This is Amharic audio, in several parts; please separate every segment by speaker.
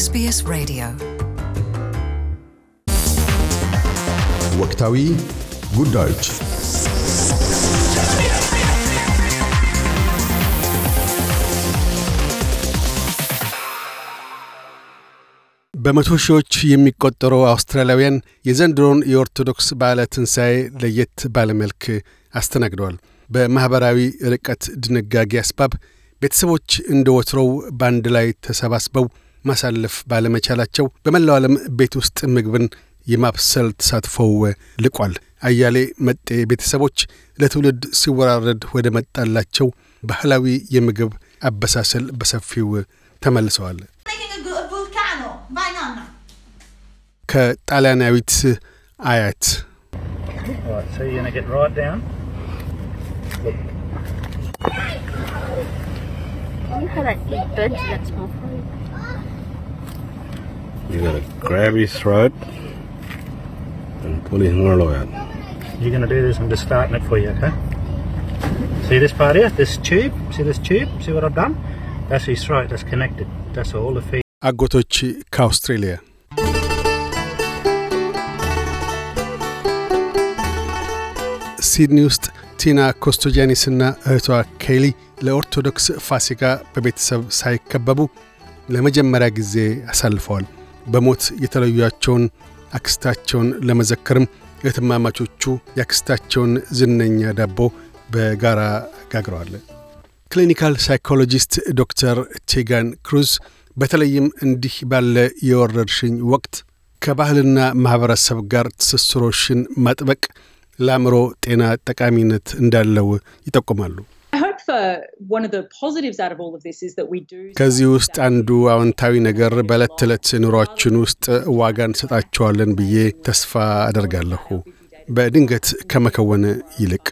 Speaker 1: ኤስቢኤስ ሬዲዮ ወቅታዊ ጉዳዮች በመቶ ሺዎች የሚቆጠሩ አውስትራሊያውያን የዘንድሮን የኦርቶዶክስ በዓለ ትንሣኤ ለየት ባለመልክ አስተናግደዋል። በማኅበራዊ ርቀት ድንጋጌ አስባብ ቤተሰቦች እንደ ወትሮው በአንድ ላይ ተሰባስበው ማሳለፍ ባለመቻላቸው በመላው ዓለም ቤት ውስጥ ምግብን የማብሰል ተሳትፎው ልቋል። አያሌ መጤ ቤተሰቦች ለትውልድ ሲወራረድ ወደ መጣላቸው ባህላዊ የምግብ አበሳሰል በሰፊው ተመልሰዋል። ከጣሊያናዊት አያት You gotta grab his throat and pull his noodle out. You're gonna do this, I'm just starting it for you, okay? See this part here? This tube? See this tube? See what I've done? That's his throat, that's connected. That's all the feed. አጎቶች ከአውስትሬልያ ሲድኒ ውስጥ ቲና ኮስቶጃኒስና እህቷ ኬሊ ለኦርቶዶክስ ፋሲካ በቤተሰብ ሳይከበቡ ለመጀመሪያ ጊዜ አሳልፈዋል። በሞት የተለዩያቸውን አክስታቸውን ለመዘከርም እህትማማቾቹ የአክስታቸውን ዝነኛ ዳቦ በጋራ ጋግረዋል። ክሊኒካል ሳይኮሎጂስት ዶክተር ቴጋን ክሩዝ በተለይም እንዲህ ባለ የወረርሽኝ ወቅት ከባህልና ማኅበረሰብ ጋር ትስስሮሽን ማጥበቅ ለአእምሮ ጤና ጠቃሚነት እንዳለው ይጠቁማሉ። ከዚህ ውስጥ አንዱ አዎንታዊ ነገር በዕለት ተዕለት ኑሯችን ውስጥ ዋጋ እንሰጣቸዋለን ብዬ ተስፋ አደርጋለሁ በድንገት ከመከወን ይልቅ።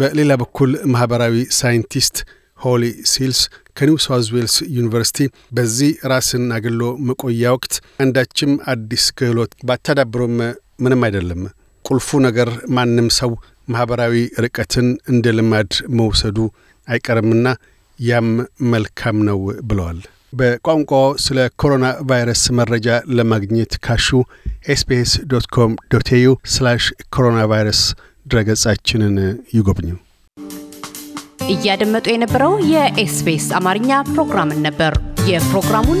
Speaker 1: በሌላ በኩል ማኅበራዊ ሳይንቲስት ሆሊ ሲልስ ከኒው ሳውዝ ዌልስ ዩኒቨርሲቲ በዚህ ራስን አግሎ መቆያ ወቅት አንዳችም አዲስ ክህሎት ባታዳብሮም ምንም አይደለም፣ ቁልፉ ነገር ማንም ሰው ማኅበራዊ ርቀትን እንደ ልማድ መውሰዱ አይቀርምና ያም መልካም ነው ብለዋል። በቋንቋ ስለ ኮሮና ቫይረስ መረጃ ለማግኘት ካሹ ኤስቢኤስ ዶት ኮም ዶት ኤዩ ስላሽ ኮሮና ቫይረስ ድረገጻችንን ይጎብኙ። እያደመጡ የነበረው የኤስቢኤስ አማርኛ ፕሮግራምን ነበር። የፕሮግራሙን